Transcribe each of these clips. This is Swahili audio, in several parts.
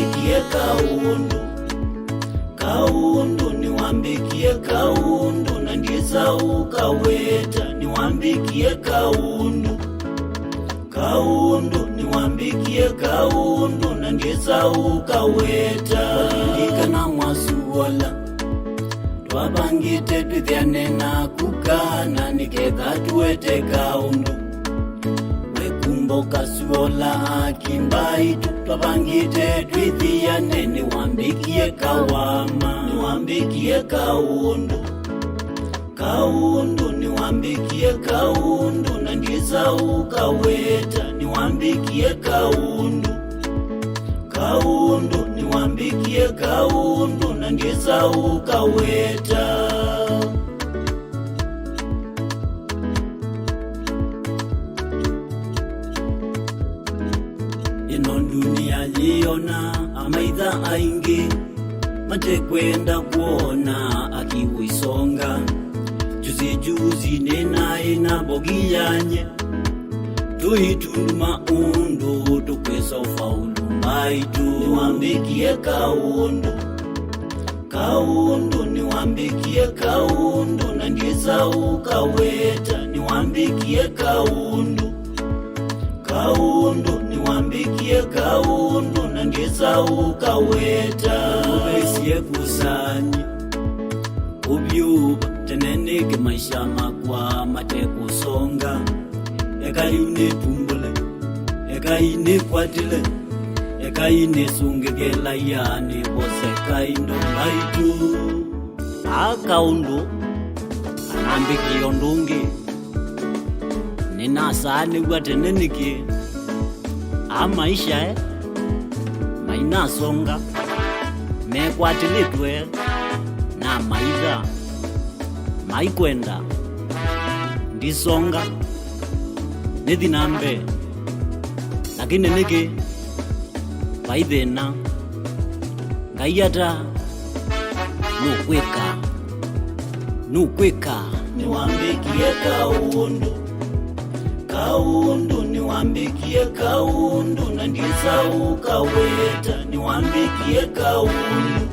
niwambikie kaundu kaundu niwambikie kaundu na ndiza ukaweta niwambikie kaundu kaundu niwambikie kaundu na ndiza ukaweta ikana mwasuola twabangite twithiane na kukana niketha tuwete kaundu wekumboka suola akimbaitu kabangite twithiyane niwambikie kawama niwambikie kaundu kaundu niwambikie kaundu na ndizauka weta niwambikie kaundu kaundu niwambikie kaundu na ndizauka weta ino dunia liona amaitha aingi matekwenda kuona akiwisonga juzi juzi nenaye na bogi yanye tuituma undu tukwesa ufaulu maitu niwambikie kaundu kaundu niwambikie kaundu na ndiza ukaweta niwambikie kaundu kaundu kugeza ukaweta ubesiye kusani ubyuba tenenike maisha makwa matekusonga ekaiunetumbule ekainekwatile ekainesungekela yani vosekaino maitu akaundu anambikiyo ndungi ninasaaniwa tenenike amaisha eh? inasonga mekwatiliwe na maitha maikwenda ndisonga nithi na mbee lakini niki vaithina ngai ata nukwika nukwika niwambikie kaundu kaundu niwambikie kaundu na ndisauka weta niwambikie kaundu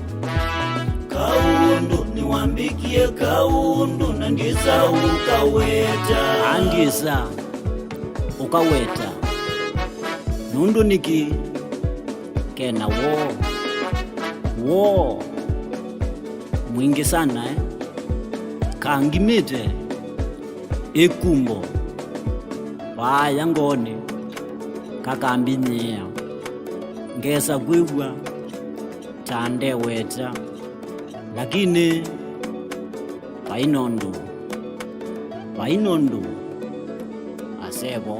kaundu niwambikie kaundu na ndisauka weta andisa ukaweta nundu niki kena wo wo mwingi sana eh? kangimite ekumbo waaya ngone kakambi nyiya ngesa tande weta lakini wainondu wainondu asebo